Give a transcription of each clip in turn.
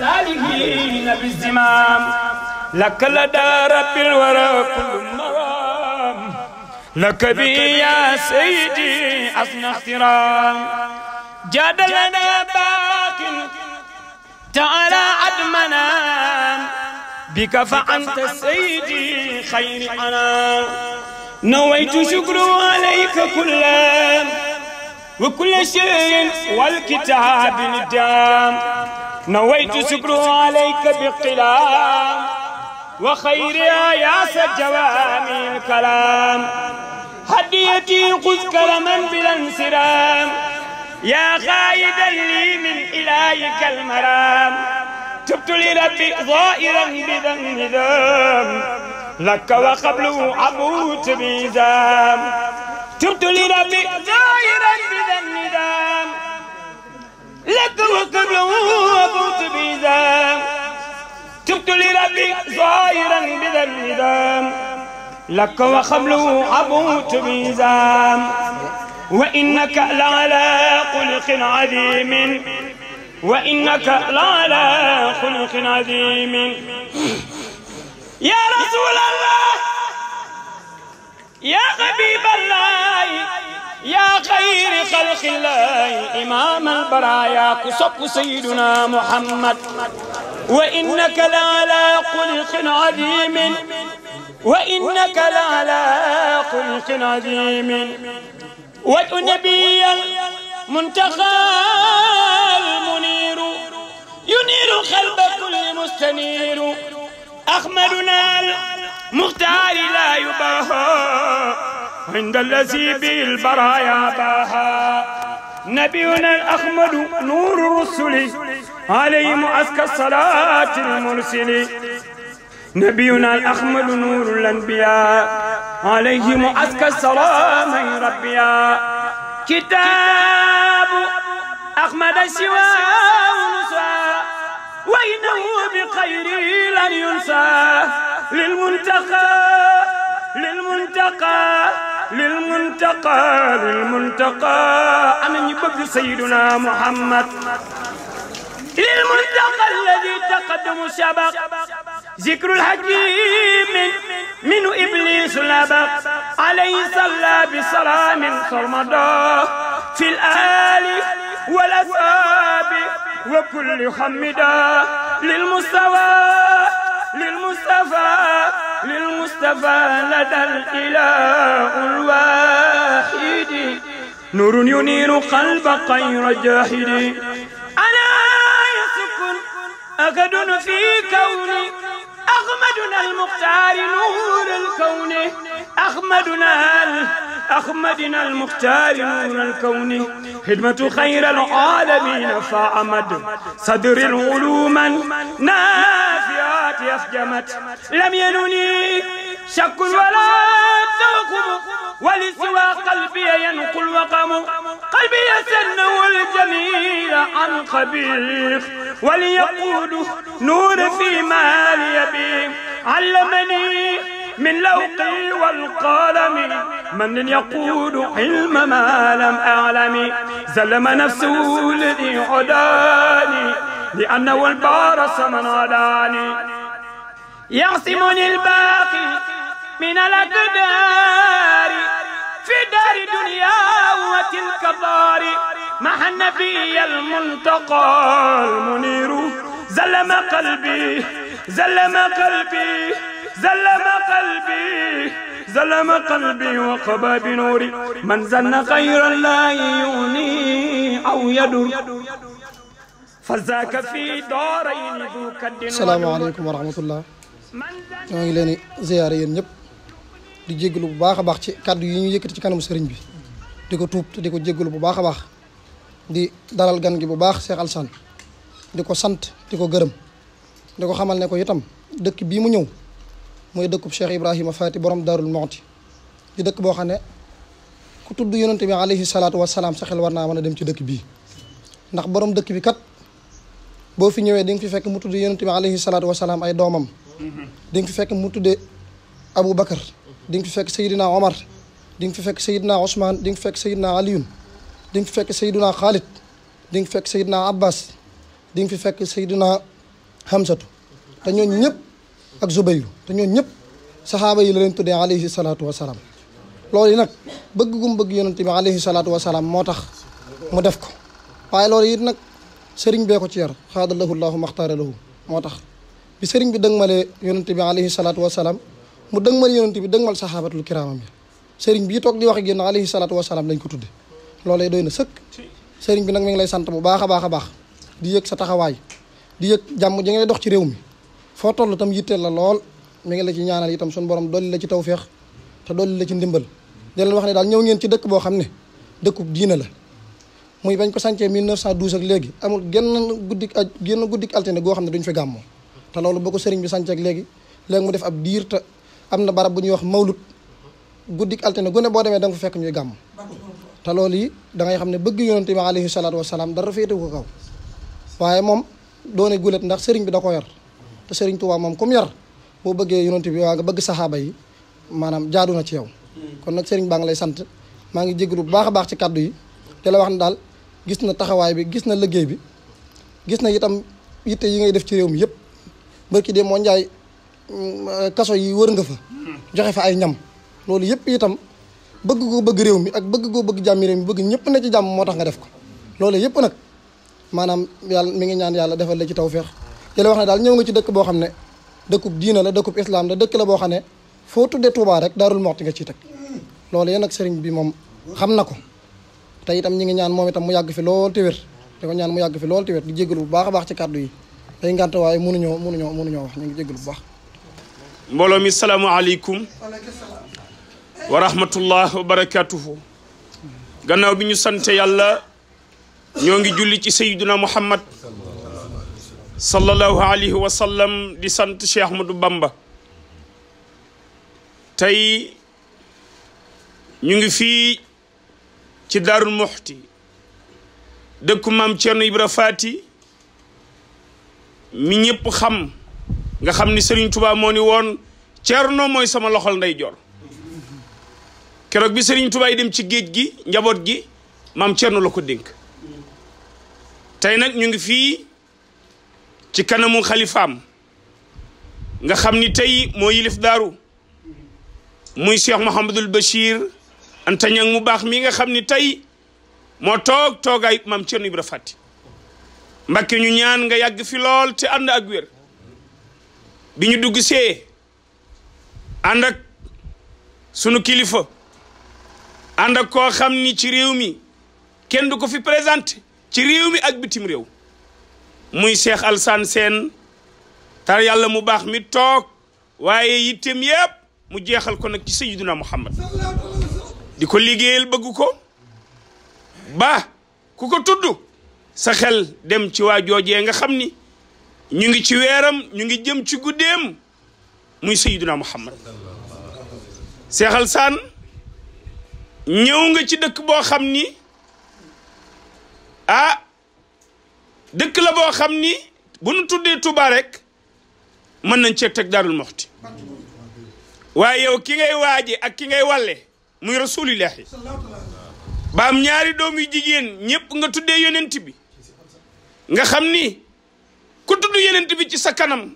السالكين بالزمام لك لدى رب الورى كل مرام لك بي يا سيدي حسن احترام جاد لنا باق تعالى عدمنا بك فأنت سيدي خير أنا نويت شكر عليك كلا وكل شيء والكتاب ندام نويت شكر عليك بالقلام وخير يا سجوامي الكلام هديتي خذ كرما بلا انسرام يا خائدا لي من إلهك المرام تبت لربي ظائرا بذنب ذنب لك وقبله عبوت بزام تبت لربي ظائرا بذنب ذنب لك وقبل وضوت بيزام تبت ربي ظاهرا بذا الندام لك وخبله عبوت بيزام وإنك لعلى خلق عظيم وإنك لعلى خلق عظيم يا رسول الله يا حبيب الله يا خير خلق الله إمام البرايا كسب سيدنا محمد وإنك لعلى خلق عظيم وإنك لعلى خلق عظيم والنبي المنتقى المنير ينير قلب كل مستنير أخمدنا المختار لا يباهى عند الذي بالبرايا باها نبينا الأخمد نور الرسل عليهم أزكى الصلاة المرسل نبينا الأخمد نور الأنبياء عليهم أزكى الصلاة من ربيا كتاب أحمد سوى ونسى وإنه بخير لن ينسى للمنتقى للمنتقى للمنتقى للمنتقى أنا يبقى سيدنا محمد للمنتقى الذي تقدم سبق ذكر الحكيم من إبليس لبق عليه صلى بسلام صرمدا في الآل والأسباب وكل حمدا للمستوى للمصطفى للمصطفى لدى الإله الواحد نور ينير قلب غير جاحد انا يسكن أكد في كوني أغمدنا المختار نور الكون أغمدنا أخمدنا المختار نور الكون خدمة خير العالمين فأمد صدر العلوم نافعات أفجمت لم ينني شك ولا توقم ولسوى قلبي ينقل وقم قلبي يسنه الجميل عن قبيح وليقول نور في مال يبي علمني من لوقي والقلم من يقول علم ما لم أعلم زلم نفسه الذي عداني لأنه البارس من عداني يعصمني الباقي من الأقدار في دار دنيا وتلك الدار مع النبي الملتقى المنير زلم قلبي زلم قلبي زلم قلبي زلم قلبي وقبى بنوري من زن غير الله يوني أو يدر فزاك في دارين ذو الدين السلام عليكم ورحمة الله ñoo ngi leen di ziyaare ñëpp di jégalu bu baaxa baax ci kaddu yi ñu yëkkati ci kanam sëriñ bi di ko tuub di ko jégalu bu baaxa baax di dalal gan gi bu baax Cheikh alsan di ko sant di ko gërëm di ko xamal ne ko itam dëkk bii mu ñëw muy dëkkub Cheikh ibrahim fati borom Darul mu'ti di dëkk bo xane ku tuddu yonente bi alayhi salaatu wasalaam sa xel warna naa dem ci dëkk bi ndax borom dëkk bi kat bo fi ñewé ding fi fekk mu tuddu yonente bi alayhi salaatu wasalaam ay domam ding fi fekk mu tudde abou bakkar ding fi fekk sayyidina Omar ding fi fekk sayyidina usman ding fi fekk sayyidina ali ding fi fekk sayyidina khalid ding fi fekk sayyidina Abbas ding fi fekk sayyidina hamzatu te ñoon ñëpp ak Zubayru te ñoom ñëpp saxaaba yi la leen tuddee alayhi salaatu wa salaam loolu yi nag bëgg gum bëgg yonent bi alayhi salaatu wa salaam moo tax mu def ko waaye loolu it nag sëriñ bee ko ci yar xaada lahu llaahu maxtaara lahu moo tax bi sëriñ bi dëgmalee yonent bi alayhi wa salaam mu dëgmal yonent bi dëgmal saxaabatul kiraamam yi sëriñ bi toog di wax ak yéen alayhi salaatu wa salaam lañ ko tudde loolu doy na sëkk sëriñ bi nag mi lay sant bu baax a baax a baax di yëg sa taxawaay di yëg jàmm ji ngay dox ci réew mi foo toll itam yitteel la lool mi ngi la ci ñaanal tam suñu borom dolli la ci tawféex te dolli la ci ndimbal di leen wax ne daal ñëw ngeen ci dëkk boo xam ne dëkkub diina la muy bañ ko sancee 1912 ak léegi amul genn guddi aj genn guddik altine goo xam ne duñ fi gàmmoo te loolu boo ko sëriñ bi sancee ak léegi léegi mu def ab diir te am na barab bu ñuy wax mawlut guddi altine gu ne boo demee da nga fekk ñuy gàmm te loolu yi da ngay xam ne bëgg yonente bi alayhi salaatu wasalaam dara féetewu ko kaw waaye moom doone gulet ndax sëriñ bi da ko yor te Serigne Touba moom comme yar boo bëggee yonent bi waa nga bëgg saxaaba yi maanaam jaadu na ci yow. kon nag Serigne baa ngi lay sant maa ngi jégalu bu baax baax ci kàddu yi te la wax ne daal gis na taxawaay bi gis na liggéey bi gis na itam yitte yi ngay def ci réew mi yëpp barki de moo njaay kaso yi wër nga fa joxe fa ay ñam loolu yëpp itam bëgg goo bëgg réew mi ak bëgg goo bëgg jàmmi réew mi bëgg ñëpp ne ci jàmm moo tax nga def ko loolu yëpp nag maanaam yàlla mi ngi ñaan yàlla defal l ci tawféex di la wax ne daal ñëw nga ci dëkk boo xam ne dëkkub diina la dëkkub islam la dëkk la boo xam ne foo tuddee Touba rek daarul moxti nga ciy teg loolu yéen nag sëriñ bi moom xam na ko te itam ñi ngi ñaan moom itam mu yàgg fi lool te wér di ko mu yàgg fi lool te wér di jégalu bu baax baax ci kàddu yi day ngànt waaye mënuñoo mënuñoo mënuñoo wax ñu ngi jégalu bu baax mbooloo mi aleykum wa rahmatullah wa barakatuhu gannaaw bi ñu sante yàlla ñoo ngi julli ci sayyiduna muhammad sallallahu alayhi wa sallam di sant Cheikh du Bamba tey ñu ngi fii ci Darou Mouhty dëkku maam Thierno Ibra Faati mi ñëpp xam nga xam ni Serigne tubaa moo ni woon Thierno mooy sama loxol ndeyjoor keroog bi Serigne tubaa yi dem ci géej gi njaboot gi maam Thierno la ko dénk tey nag ñu ngi fii. ci kanamu xalifaam nga xam ni tey moo yilif daaru muy cheikh Mouhamadul Bachir antañang mu baax mi nga xam ni tey moo toog toogaay maam Cerno Ibra Fàtti Mbàkke ñu ñaan nga yàgg fi lool te ànd ak wér bi ñu dugg see ànd ak sunu kilifa ànd ak koo xam ni ci réew mi kenn du ko fi présenté ci réew mi ak bitim réew muy Cheikh Alsaan Seen tar yàlla mu baax mi toog waaye yittem yëpp mu jeexal ko nag ci sayyiduna Muhammad di ko liggéeyal bëgg ko ba ku ko tudd sa xel dem ci waa joojee nga xam ni ñu ngi ci weeram ñu ngi jëm ci guddeem muy sayyiduna Muhammad Cheikh Alsaan nga ci dëkk boo xam ni ah dëkk la boo xam ni bu nu tuddee Touba rek mën nañ cee teg Daarul Moxti waaye yow ki ngay waaje ak ki ngay walle muy rasulillahi ba am ñaari doom yu jigéen ñëpp nga tuddee yonent bi nga xam ni ku tudd yonent bi ci sa kanam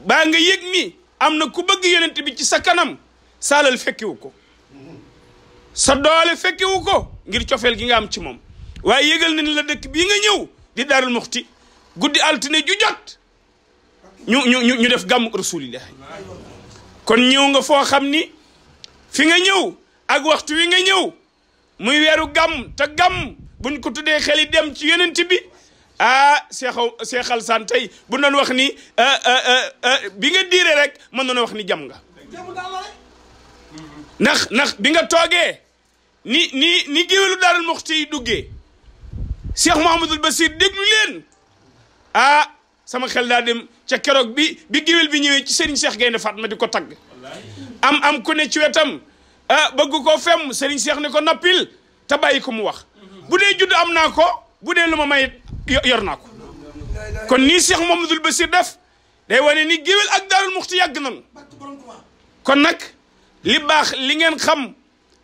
baa nga yëg ni am na ku bëgg yonent bi ci sa kanam saalal fekkiwu ko sa doole fekkiwu ko ngir cofeel ki nga am ci moom waaye yëgal na ni la dëkk bii nga ñëw di daarul muxti guddi altine ju jot ñu ñu ñu def gàmmu rasulillah kon ñëw nga foo xam ni fi nga ñëw ak waxtu wi nga ñëw muy weeru gàmm te gàmm buñ ko tuddee xel yi dem ci yeneen bi ah seexaw seexal san tey bu doon wax ni eh, eh, eh, bi nga diire rek mën noon wax ni jam nga ndax ndax bi nga toogee ni ni ni géwélu daarul muxti duggee شيخ محمد البصير دغلو لين اه سما خيل دا ديم تي كيروك بي بي جيبل بي نيوي تي سيرين شيخ غين فاطمه ديكو تاغ ام ام كوني تي وتام اه بغوكو فم سيرين شيخ نيكو نابيل تا بايكوم واخ بودي جود ام ناكو بودي لوما ماي يورناكو كون ني شيخ محمد البصير داف داي واني ني جيبل اك دار المختي يغنن كون نك لي باخ لي نين خام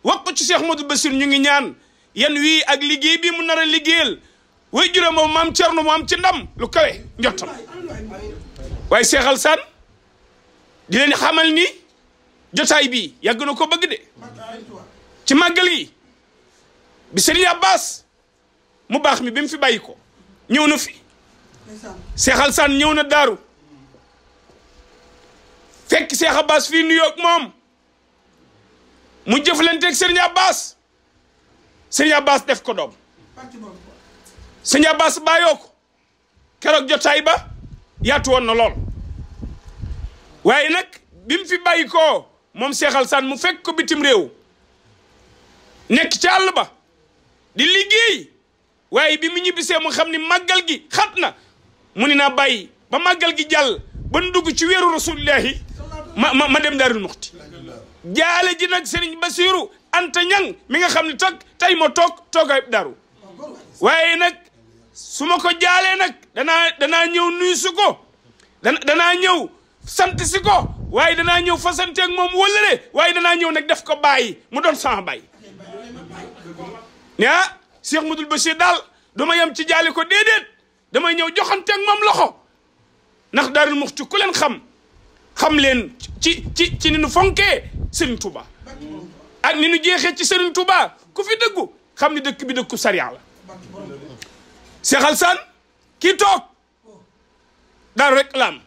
وقت تي شيخ محمد البصير نيغي نيان yan wii ak liggéey bi mu nar a liggéeyal way juró moom maam Cerno mu am ci ndam lu kawe njottam waaye Cheikh Alassane di leen xamal ni jotaay bi yàgg na ko bëgg de ci màggal gi bi Serigne Abbas mu baax mi bi mu fi bàyyi ko ñëw na fi Cheikh Alassane ñëw na daaru fekk Cheikh Abbas fii New York moom mu jëflanteeg Serigne Abbas sëñ baas def ko doom sëñ Abbas bàyyoo ko keroog jotaay ba yaatu woon na lool waaye nag bi fi bàyyi koo moom seexal Alassane mu fekk ko bitim réew nekk ci àll ba di liggéey waaye bi mu ñibbisee mu xam ni màggal gi xat mu ni naa bàyyi ba màggal gi jàll ba nu dugg ci weeru rasulillahi ma dem daarul muxti jaale ji nag Serigne Basiru Anta Ñang mi nga xam ne tag tey ma toog toogay daru waaye nag su ma ko jaalee nag danaa danaa ñëw nuyu si ko dana danaa ñëw sant si ko waaye danaa ñëw fasante ak moom wëllëre waaye danaa ñëw nag def ko bàyyi mu doon sama bàyyi ah Cheikh Mudul Bachir daal dama yem ci jaale ko déedéet damay ñëw joxante ak moom loxo ndax Daarul Muxti ku leen xam xam leen ci ci ci ni nu fonkee Sëriñ Tuubaa ak ni nu jeexee ci Serigne Touba ku fi dëggu xam ni dëkk bi dëkku sariya la Cheikh Alassane kii toog daaru rek la am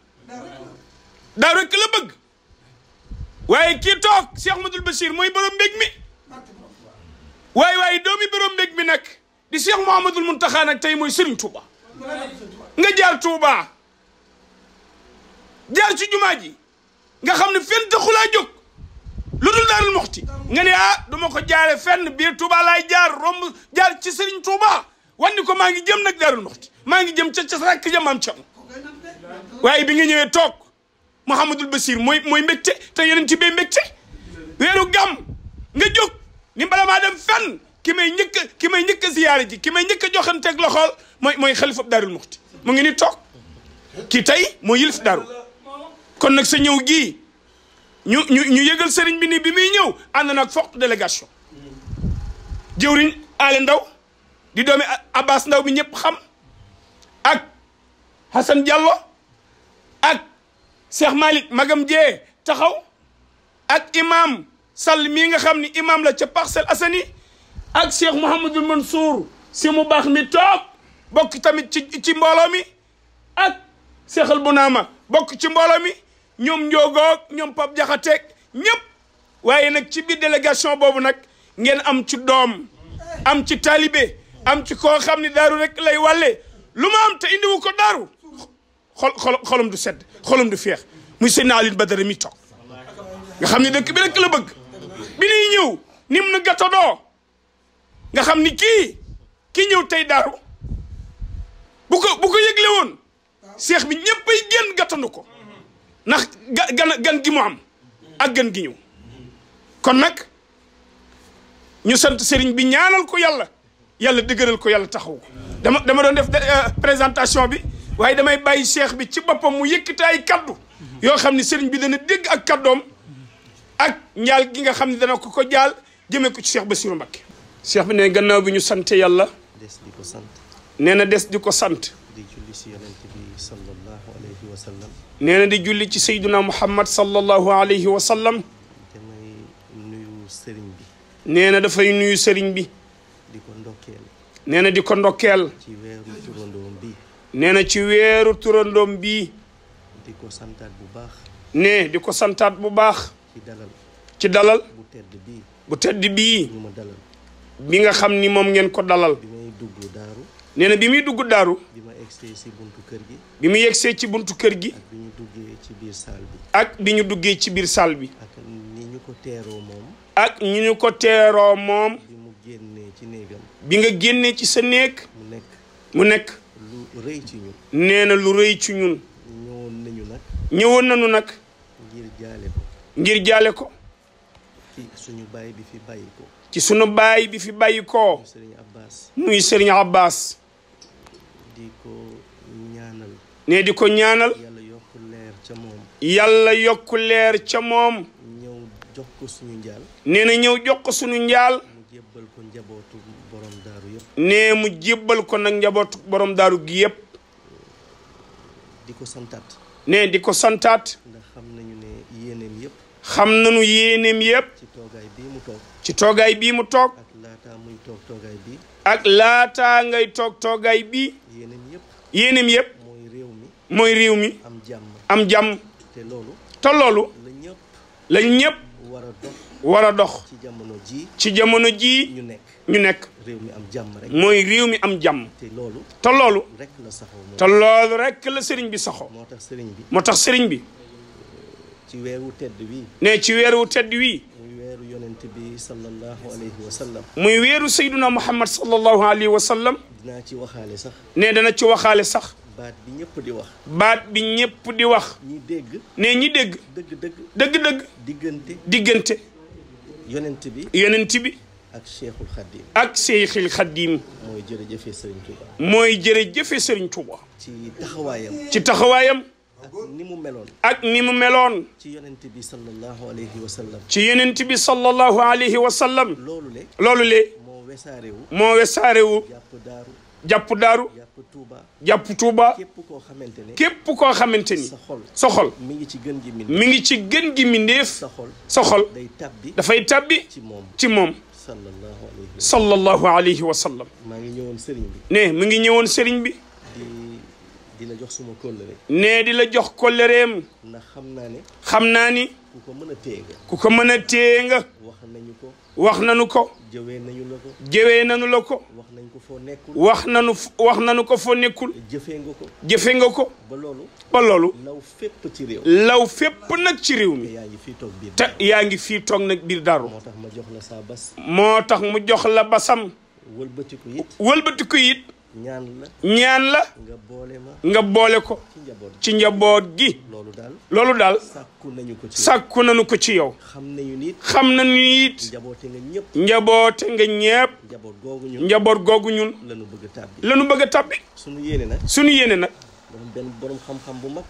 daaru rek waaye kii toog Cheikh Ahmadoul Bachir mooy borom mbég mi waaye waaye doomi borom mbég mi nag di Cheikh Mouhamadoul Mountakha nag tey mooy Serigne Touba nga jaar Touba jaar ci jumaa ji nga xam ne fenn taxulaa jóg lu dul daarul moxti nga ne ah du ko jaare fenn biir Touba laay jaar romb jaar ci Serigne Touba wanni ko maa ngi jëm nag daarul moxti maa ngi jëm ca ca rakk ja maam cam waaye bi nga ñëwee toog Mouhamadul Basir mooy mooy mbégte te yeneen ci bee mbégte weeru gam nga jóg ni bala maa dem fenn ki may njëkk ki may njëkk a ziyaare ji ki may njëkk a joxanteeg loxool mooy mooy xalifa daarul moxti mu ngi ni toog ki tey moo yilif daaru kon nag sa ñëw gii ñu ñu ñu yëgal sëriñ bi ni bi muy ñëw ànd nag forte délégation jëwriñ ale ndaw di doomi abbas ndaw bi ñëpp xam ak Hassan Diallo ak Cheikh Malick magam jee taxaw ak imam Sall mii nga xam ni imam la ci Parcelles Assainies ak Cheikh Mouhamadul Mansour si mu baax mi toog bokk tamit ci ci mi ak Cheikh Albunaama bokk ci mbooloo mi ñoom njoogoog ñoom pap jaxateeg ñëpp waaye nag ci biir délégation boobu nag ngeen am ci doom am ci taalibe am ci koo xam ne daaru rek lay wàlle lu ma am te indiwu ko daaru xol xol xolum du sedd xolum du feex muy Seydina Alioune Badara mi toog nga xam ni dëkk bi rek la bëgg bi ñuy ñëw nim nu gatodoo nga xam ni kii ki ñëw tey daaru bu ko bu ko yëgle woon seex bi ñëppay génn gattandu ko ndax gan gan gi mu am ak gan gi ñëw kon nag ñu sant sëriñ bi ñaanal ko yàlla yàlla dëgërël ko yàlla taxaw dama dama doon def euh, présentation bi waaye damay bàyyi cheikh bi ci boppam mu yëkkati ay kaddu yoo xam ne sëriñ bi dana dégg ak kaddoom ak njaal gi nga xam ne dana ko ko jaal jëmee ko ci ba Bassirou Mbacké cheikh bi ne gannaaw bi ñu sante yàlla des nee na des di ko sant di di julli ci sayyiduna muhammad sallallahu alayhi wa sallam damay nuyu sëriñ nuyu sëriñ bi di ko ndokkeel nee na di ko ndokkeel ci weeru turandoom bi nee ci wéru turandom bi di ko santaat bu baax ne di ko santaat bu baax ci dalal ci dalal bu tedd bi bu tedd bi ñu dalal bi nga xamni mom ngeen ko dalal bi may dugg daaru nee bi mi dugg daru yegsee ci buntu kër gi. bi mu yegsee ci buntu kër gi. ak bi ñu duggee ci biir salle bi. ak bi ñu duggee ci biir salle bi. ak ni ñu ko teeroo moom. ak ñu ñu ko teeroo moom. bi mu génnee ci néegam. bi nga génnee ci sa néeg. mu nekk mu nekk. lu rëy ci ñun. nee na lu rëy ci ñun. ñëwoon nañu nag. ñëwoon nañu nag. ngir jaale ko. ngir jaale ci suñu baay bi fi bàyyi ko. ci suñu baay bi fi bàyyi ko. muy Serigne Abbas. di ko ñaanal. ne di ko ñaanal. yàlla yokk leer ca moom. yàlla yokk leer ca moom. ñëw jox suñu njaal. nee na ñëw jox ko suñu njaal. mu ko njabootu mu jébbal ko nag njabootu borom daaru gi yëpp. di ko santat nee di ko santaat. ndax xam nañu ne yéeneem yëpp. xam nañu yéeneem yëpp. ci toogaay bii mu toog. ci toogaay bii mu toog. ak yéeneem yëpp mooy réew mi am jàmm te loolu la ñëpp war a dox ci jamono ji ci jamono ji ñu nekk ñu nekk réew mi am jàmm rek mooy réew mi am jàmm te loolu te loolu rek la saxoo te loolu rek sëriñ bi saxoo moo tax sëriñ bi moo tax sëriñ bi ci weeru tedd wi tedd wi yonent bi sallallahu alayhi wa sallam. muy weeru sayduna Muhammad sallallahu alayhi wa sallam. dinaa ci waxaale sax. ne dana ci waxaale sax. baat bi ñëpp di wax. baat bi ñëpp di wax. ñi dégg. ne ñi dégg. dëgg-dëgg. dëgg-dëgg. diggante. diggante. yonent bi. yonent bi. ak Cheikhul Khadim. ak Cheikhul Khadim. mooy jërëjëfe Serigne Touba. mooy jërëjëfe Serigne Touba. ci taxawaayam. ci taxawaayam. ni mu meloon. ak ni mu meloon. ci yonent bi sallallahu alayhi wa sallam. ci yonent bi sallallahu alayhi wa sallam. loolu le. loolu le. moo wesaarewu. moo wesaarewu. jàpp jàpp daaru. jàpp jàpp tuuba. képp koo xamante ni. képp koo xamante ni. sa xol mi ngi ci gën gi mi ngi ci gën gi mindeef. sa xol sa xol. day tabbi. dafay tabbi. ci moom ci moom. sallallahu alayhi wa sallam. maa ngi ñëwoon sëriñ bi. ne mi ngi ñëwoon sëriñ bi. di la jox suma kóllëre. nee di la jox kóllëreem. ndax xam naa ne. xam naa ni. ku ko mën a téye nga. ku ko mën a téye nga. wax nañu ko. wax nanu ko. jëwee nañu la ko. jëwee nañu la ko. wax nañu ko foo nekkul. wax nañu wax nañu ko foo nekkul. jëfee nga ko. jëfee nga ko. ba loolu. loolu. law fépp ci réew. law nag ci réew mi. te yaa ngi fii toog biir te yaa ngi fii toog nag biir daru. moo tax ma jox la saa bas. moo tax mu jox la basam. wëlbatiku it. ñaan la ñaan la nga boole ma nga boole ko ci njaboot gi loolu daal loolu daal sàkku nañu ko ci sàkku nañu ko ci yow xam nañu nit xam nañu njaboote nga ñëpp njaboote nga ñëpp njaboot googu ñun njaboot googu ñun lañu bëgg a tàbbi lañu bëgg a tàbbi suñu yéene nag suñu yéene nag dafa am benn borom xam-xam bu mag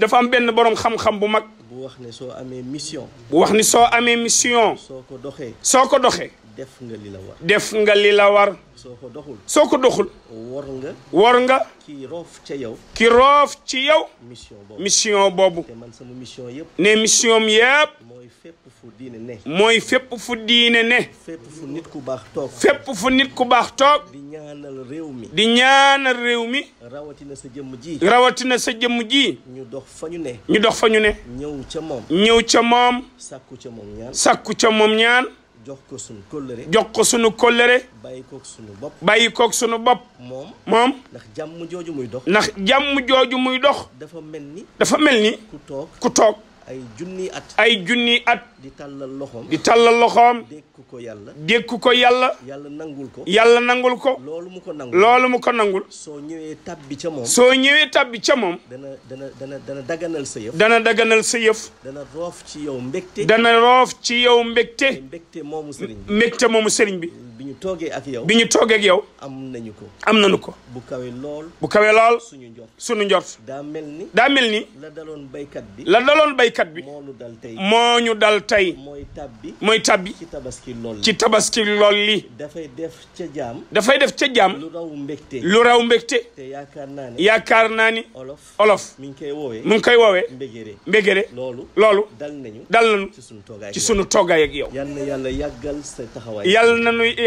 dafa am benn borom xam bu mag bu wax ne soo amee mission bu wax ne soo amee mission soo ko doxee soo ko doxee def nga li la war. def nga li la war. soo ko doxul. soo ko doxul. war nga. war nga. ki roof ca yow. ki roof ci yow. mission boobu mission boobu. te man sama mission yëpp. ne mission am yëpp. mooy fépp fu diine ne. mooy fépp fu diine ne. fépp fu nit ku baax toog. fépp fu nit ku baax toog. di ñaanal réew mi. di ñaanal réew mi. rawatina sa jëmm ji. rawatina sa jëmm ji. ñu dox fa ñu ne. ñu dox fa ñu ne. ñëw ca moom. ñëw ca moom. sàkku ca moom ñaan. sàkku ca moom ñaan. jox ko sunu kóllëre. jox ko sunu kóllëre. bàyyi koog sunu bopp. bàyyi koog sunu bopp. moom moom. ndax jàmm jooju muy dox. ndax jàmm jooju muy dox. dafa mel ni. dafa mel ni. ku toog ku toog. ay junni at. ay junni at. di loxoom. di tàllal loxoom. dékku ko yàlla. dékku ko yàlla. yàlla nangul ko. yàlla nangul ko. loolu mu ko nangul. loolu mu ko nangul. soo ñëwee tabbi ca moom. soo ñëwee tabbi ca moom. dana dana dana dana daganal sa yëf. dana daganal sa yëf. dana roof ci yow mbégte. dana roof ci yow mbégte. mbégte moomu sëriñ bi. moomu sëriñ bi. bi ñu toogee ak yow bi ñu toogee yow. am nañu ko am nañu ko. bu kawe lool bu kawe lool. suñu njort suñu njort. daa mel ni daa mel ni. la daloon baykat bi la daloon baykat bi. moo ñu dal tey moo ñu dal tey. mooy tabbi mooy tabbi. ci tabaski lool ci tabaski lool li dafay def ca jaam. dafay def ca jaam. lu raw mbégte lu raw mbégte. te yaakaar naa ne yaakaar naa ni. olof olof. mi ngi koy woowee mi ngi koy woowee. mbégéré mbégéré. loolu loolu. dal nañu dal nañu. ci suñu toogaay ci suñu toogaay ak yow. yal na yàlla yàggal sa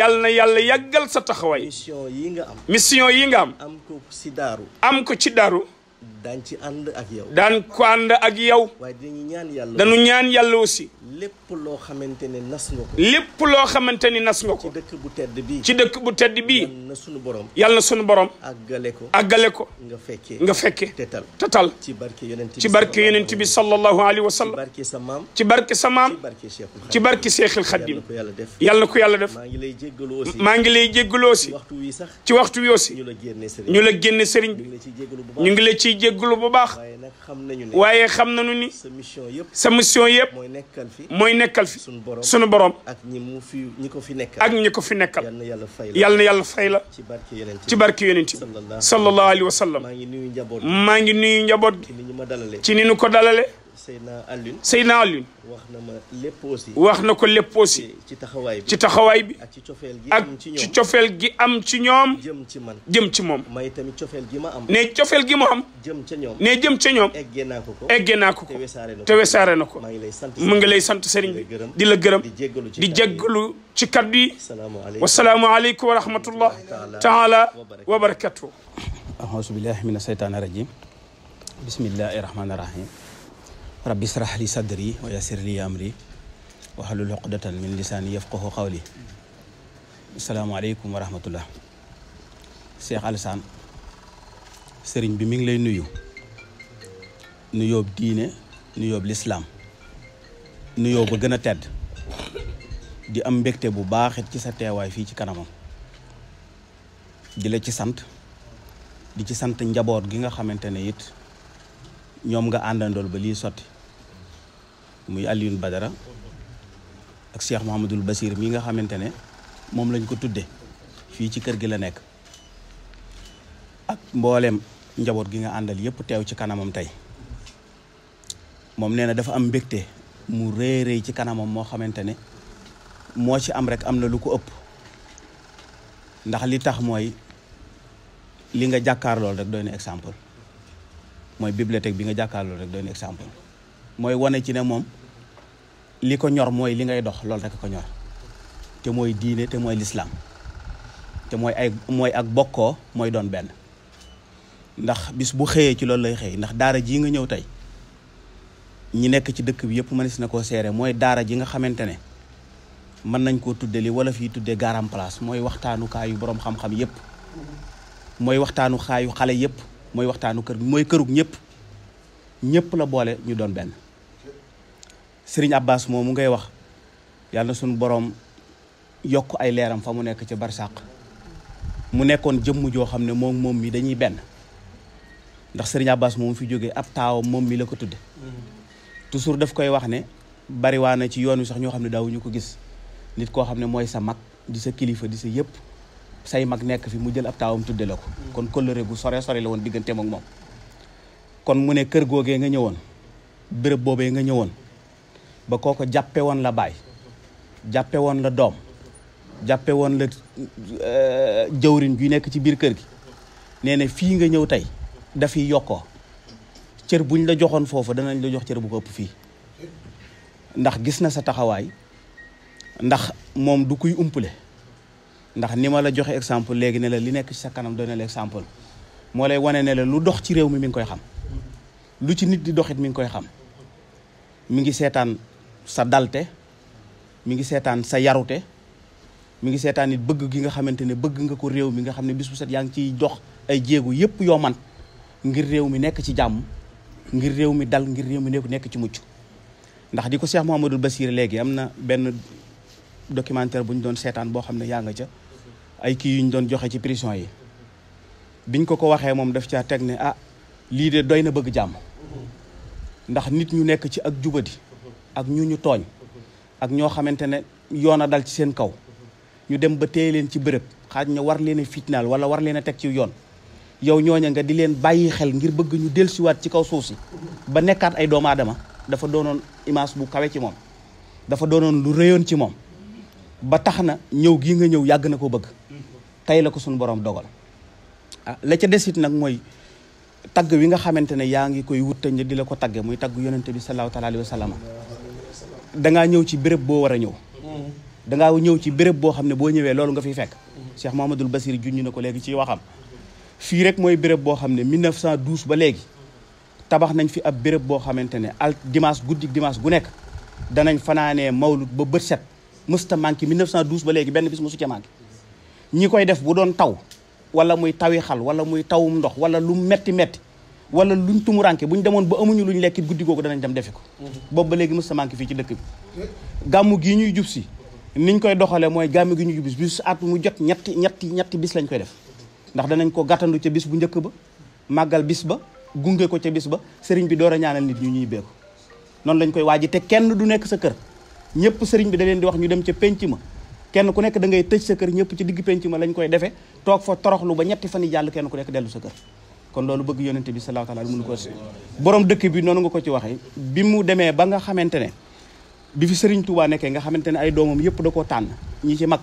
yàlla na yàlla yàggal sa taxawaay. mission yi nga am. mission yi nga am. am ko ci daaru. am ko ci daaru. daañu ci ànd ak yow. daan ko ànd ak yow. waaye ñaan yàlla. dañu ñaan yàlla aussi. lépp loo xamante ne nas ko. lépp loo xamante ni nas nga ko. ci dëkk bu tedd bi ci dëkk bu tedd bii. yal na sunu borom. yal na sunu borom. àggale ko. àggale ko. nga fekke nga fekkee tatal. tatal ci barke yonent bi. ci barke yonent bi sallallahu alayhi wa sallam. ci barke sa maam. ci barke sa maam. ci barke Seexul Xadim. yal na ko yalla def. maa ngi lay jéggalu maa ngi lay jéggalu aussi. ci waxtu wi sax. ci waxtu ñu la génne sëriñ bi ñu ngi la ciy jéggalu jéggalu bu baax waaye xam nañu ni sa mission yëpp mooy nekkal fi sunu borom ak ñi ko fi nekkal yàlla na yàlla fay la ci barke yonent bi sallallahu alayhi wa sallam maa ngi nuyu njaboot gi ci ni ñu ko dalale سيدنا علون واخنا ما لي بوسي واخنا كو لي بوسي تي تي جي ام تي نيوم جيم تي مام ماي تامي جي ما ام ني جيم تي نيوم ني جيم تي تي وساري نكو مانغي لاي سانت سيرين دي لا گرم دي جيغلو تي كادي والسلام عليكم ورحمه الله تعالى وبركاته اعوذ بالله من الشيطان الرجيم بسم الله الرحمن الرحيم رب اشرح لي صدري ويسر لي امري واحلل عقدة من لساني يفقه قولي السلام عليكم ورحمة الله شيخ علسان سيرين بي مينغ لاي نويو نويوب دين نويوب الاسلام نويوب غنا تاد دي ام بكتي بو باخيت سي سا تيواي في سي كانامو دي لا سي سانت دي سي سانت نجابوت غيغا muy aliyun Badara ak Cheikh Mouhamadul Basir mi nga xamantene mom lañ ko tuddé fi ci kër gi la nek ak mbollem njabot gi nga andal yépp tew ci kanamam tay mom néna dafa am mbékté mu rëy rëy ci kanamam mo xamantene mo ci am rek amna lu ko upp ndax li tax moy li nga lol rek doyna exemple moy bibliothèque bi nga lol rek doyna exemple mooy wane ci ne moom li ko ñor mooy li ngay dox loolu rek ko ñor te mooy diine te mooy lislaam te mooy ay mooy ak bokkoo mooy doon benn ndax bis bu xëyee ci loolu lay xëy ndax daara jii nga ñëw tey ñi nekk ci dëkk bi yëpp si na ko seere mooy daara ji nga xamante ne mën nañ koo tudde li wala fii tuddee garam place mooy waxtaanukaayu boroom xam-xam yëpp mooy waxtaanu kaayu xale yëpp mooy waxtaanu kër mooy kërug ñëpp ñëpp la boole ñu doon benn Sering Abbas moom mu ngay wax yalla sun borom yok ay leram fa mu nekk ci barsak mu nekkon jëm jo xamne ne moom mi dañuy ben ndax sëriñ Abbas moom fi joge ab taw mom mi la ko tudde toujours daf koy wax ne bari waana ci yoonu sax ño xamne ne daawuñu ko gis nit ko xamne moy sa mak di sa kilifa di sa yep say mak nek fi mu jël ab taawam tudde kon kóllëre gu sore sore la won digganteem ak kon mu ne kër googee nga ñëwoon béréb bobé nga ñëwoon ba kooko jàppee woon la baay jàppe woon la doom jàppe woon la euh, jëwriñ ju nekk ci biir kër gi nee na fii nga ñëw tey dafiy yokkoo cër buñ la joxoon foofu danañ da jox cër bu ko ëpp fii ndax gis na sa taxawaay ndax moom du kuy umpule ndax ni ma la joxe exemple léegi ne la li nekk ci sa kanam doone la exemple moo lay wone ne la lu dox ci réew mi mi ngi koy xam lu ci nit di doxit mi ngi koy xam mi ngi seetaan sa dalte mu ngi seetaan sa yarute mu ngi seetaan nit bëgg gi nga xamante ne bëgg nga ko réew mi nga xam ne bis bu set yaa ngi ciy dox ay jéego yépp yoo man ngir réew mi nekk ci jàmm ngir réew mi dal ngir réew mi nekk ci mucc ndax di ko Cheikh Mouhamadul Basir léegi am na benn documentaire bu ñu doon seetaan boo xam ne yaa nga ca ay kii yu ñu doon joxe ci prison yi biñ ko ko waxee moom def caa teg ne ah lii de doy na bëgg jàmm ndax nit ñu nekk ci ak jubadi ak ñu ñu tooñ ak ñoo xamante ne yoon a dal ci seen kaw ñu dem ba téye leen ci bërëb xaaj na war leen a fitnaal wala war leen a teg ci yoon yow ñooña nga di leen bàyyi xel ngir bëgg ñu dellusiwaat ci kaw suuf si ba nekkaat ay doomu aadama dafa doonoon image bu kawe ci moom dafa doonoon lu réyoon ci moom ba tax na ñëw gii nga ñëw yàgg na ko bëgg tey la ko suñu borom dogal ah la ca desit nag mooy tagg wi nga xamante ne yaa ngi koy wut ñi di la ko tagge muy tagg yonente bi sallallahu taala alayhi dangaa ñëw ci bërëb boo war a ñëw mm-hmm. dangaa ñëw ci béréb boo xam ne boo ñëwee loolu nga fiy fekk mm-hmm. Cheikh Mouhamadoul Basir junñu ne ko léegi ci waxam fii rek mooy béréb boo xam ne 1912 ba léegi tabax nañ fi ab béréb boo xamante ne al dimanche guddi dimanche gu nekk danañ fanaanee mawlud ba bët set mësta manqué 1912 ba léegi benn bis mosu ca manqué ñi koy def bu doon taw wala muy tawi xal wala muy tawum ndox wala lu metti metti wala luñ bu ñu demoon ba amuñu lu ñu lekk guddi googu danañ dem defi ko boobu ba léegi mos a manqué fii ci dëkk bi gàmmu gii ñuy jub si niñ koy doxalee mooy gàmmu gi ñu jub si bis at mu jot ñetti ñetti ñetti bis lañ koy def ndax danañ ko gàttandu ca bis bu njëkk ba màggal bis ba gunge ko ca bis ba sëriñ bi door a ñaanal nit ñu ñuy beeku noonu lañ koy waaji te kenn du nekk sa kër ñëpp sëriñ bi da leen di wax ñu dem ca penc ma kenn ku nekk da ngay tëj sa kër ñëpp ci digg penc ma lañ koy defee toog fa toroxlu ba ñetti fan jàll kenn ku nekk dellu sa kër kon loolu bëgg yonente bi sallallahu alayhi ko si borom bi noonu nga ko ci waxee bi mu demee ba nga xamante ne bi fi sëriñ Touba nekkee nga xamante ne ay doomam yëpp da koo tànn ñi ci mag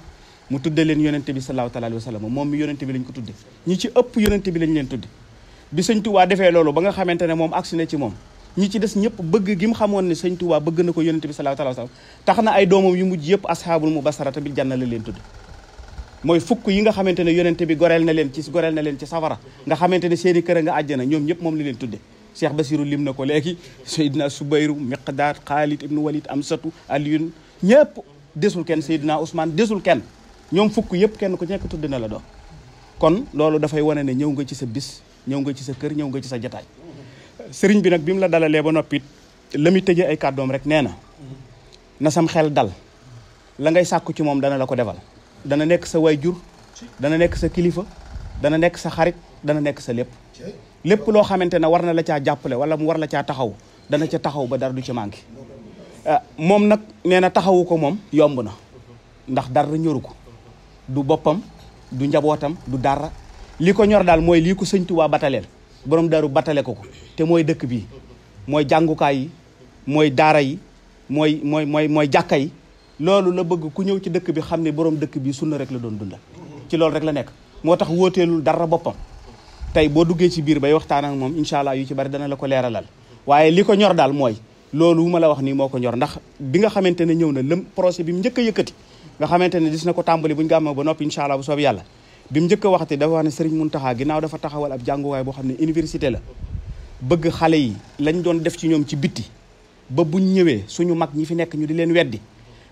mu tudde leen yonente bi sallallahu alayhi wasallam moom mi yonente bi lañ ko tudde ñi ci ëpp yonente bi lañ leen tudde bi Serigne Touba defee loolu ba nga xamante ne moom agsi na ci moom ñi ci des ñëpp bëgg gi mu xamoon ne Serigne Touba bëgg na ko yonente bi sallallahu alayhi wasallam tax na ay doomam yu mujj yëpp ashaabul mubasharata bil janna la leen tudde mooy fukk yi nga xamante ne yonente bi goreel na leen ci goreel na leen ci safara nga xamante ne seen i kër a nga àjjana ñoom ñëpp moom la leen tudde Cheikh Basirou lim na ko léegi Seydina Subayru Miqdaar Xaalid ibnu Walid Amsatu Aliyun ñëpp desul kenn Seydina Ousmane desul kenn ñoom fukk yëpp kenn ku nekk tudd na la doom kon loolu dafay wane ne ñëw nga ci sa bis ñëw nga ci sa kër ñëw nga ci sa jataay sëriñ bi nag bi mu la dalalee ba noppit la muy tëjee ay kàddoom rek nee na na sam xel dal la ngay sàkku ci moom dana la ko defal dana nekk sa waajur dana nekk sa kilifa dana nekk sa xarit dana nekk sa lépp lépp loo xamante ne war na la caa jàppale wala mu war la caa taxaw dana ca taxaw ba dara du ci manqué ah, moom nag nee na taxawu ko moom yomb na ndax dara ñoru ko du boppam du njabootam du dara li ko ñor daal mooy lii ko sëñ Tuubaa bataleel borom daru batale ko ko te mooy dëkk bii mooy jàngukaay mooy daara yi mooy mooy mooy mooy jàkka yi loolu la bëgg ku ñëw ci dëkk bi xam ne borom dëkk bi sunna rek la doon dundal ci loolu rek la nekk moo tax wóoteelul dara boppam tey boo duggee ci biir bay waxtaan ak moom incha allah yu ci bari dana la ko leeralal waaye li ko ñor mooy loolu ma la wax nii moo ko ñor ndax bi nga xamante ne ñëw na lëm projet bi mu njëkk a yëkkati nga xamante ne dis na ko tàmbali bu ñu gàmmoo ba noppi incha allah bu soobee yàlla bi mu njëkk a waxte dafa wax ne Serigne Mountakha ginnaaw dafa taxawal ab jànguwaay boo xam ne université la bëgg xale yi lañ doon def ci ñoom ci bitti ba buñ ñëwee suñu mag ñi fi nekk ñu di leen weddi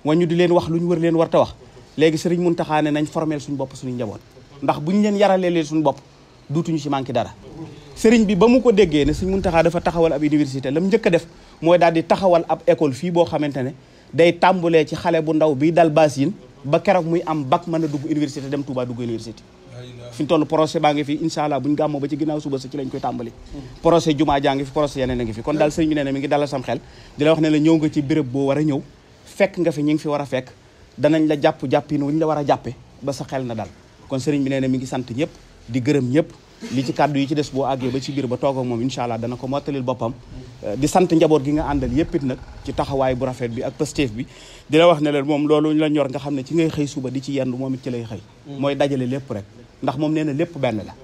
mooy ñu di leen wax lu ñu wër leen war ta wax léegi sëriñ Muntaxa ne nañ formel suñu bopp suñu njaboot ndax buñu leen yaralee leen suñu bopp duutuñu ci manqué dara sëriñ bi ba mu ko déggee ne sëriñ Muntaxa dafa taxawal ab université la mu njëkk mooy daal di taxawal fii boo xamante ne day tàmbulee ci xale bu ndaw bi dal ba keroog muy am bac a dugg université dem Touba dugg université fi ñu toll projet baa ngi fi incha allah buñ gàmmoo ba ci ginnaaw suba sa ci lañ koy tàmbali projet jumaa jaa fi projet yeneen a ngi fi kon daal sëriñ bi nee mi ngi dalal sam xel di la wax ne la ñëw nga ci béréb boo war a ñëw fekk nga fi ñi ngi fi war a fekk danañ la jàpp jàppin wu la war a jàppe ba sa xel na dal kon sëriñ bi nee na mi ngi sant ñëpp di gërëm ñëpp li ci kàddu yi ci des boo àggee ba ci biir ba toog ak moom incha allah dana ko mottalil boppam euh, di bu rafet bi ak bi di la wax ne leen moom loolu la ñor nga xam ne ci ngay xëy suba di ci yendu moom it ci lay xëy mooy dajale lépp rek ndax moom nee lépp benn la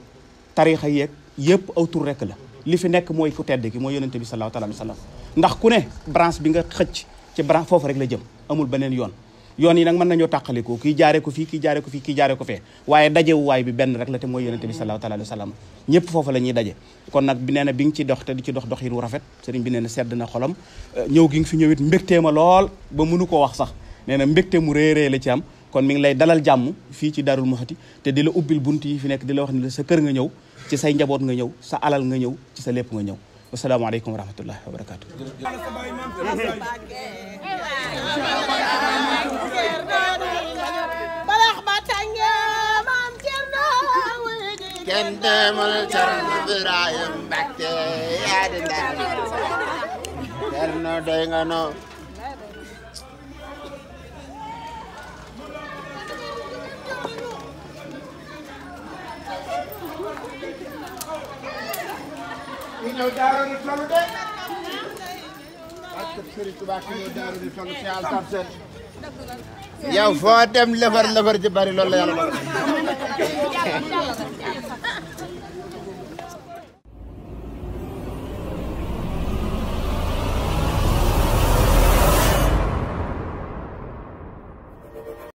tarixa yeeg yëpp aw tur rek la li fi nekk mooy ku tedd gi mooy yonente bi sallallahu alayhi wa sallam ndax ku ne branche bi nga xëcc ci branche foofu rek la jëm amul beneen yoon yoon yi nag mën nañoo tàqaliko kii jaare ko fii kii jaare ko fii kii jaare ko fee waaye dajewuwaay bi benn rek la te mooy yonente bi sallallahu ñëpp foofu la ñuy daje kon nag bi nee na bi nga ci dox te di ci dox dox yi wu rafet sëriñ bi nee na sedd na xolam euh, ñëw gi nga fi ñëwit mbégtee ma lool ba mënu ko wax sax nee na mbégte mu réeree la ci am kon mi ngi lay dalal jàmm fii ci Darou Mouhty te di la ubbil bunt yi fi nekk di la wax ne la sa kër nga ñëw ci say njaboot nga ñëw sa alal nga ñëw ci sa lépp nga ñëw wasalaamaaleykum wa rahmatullahi wa barakaatu. kenn demul Cerno Birahim Mbacke yaa di ndar Cerno doy nga noo ñëw daara du tollu de ak Serigne Touba ki ñëw daara du tollu ci altam seen yow foo dem lëfër lëfër ji bari loolu la yàlla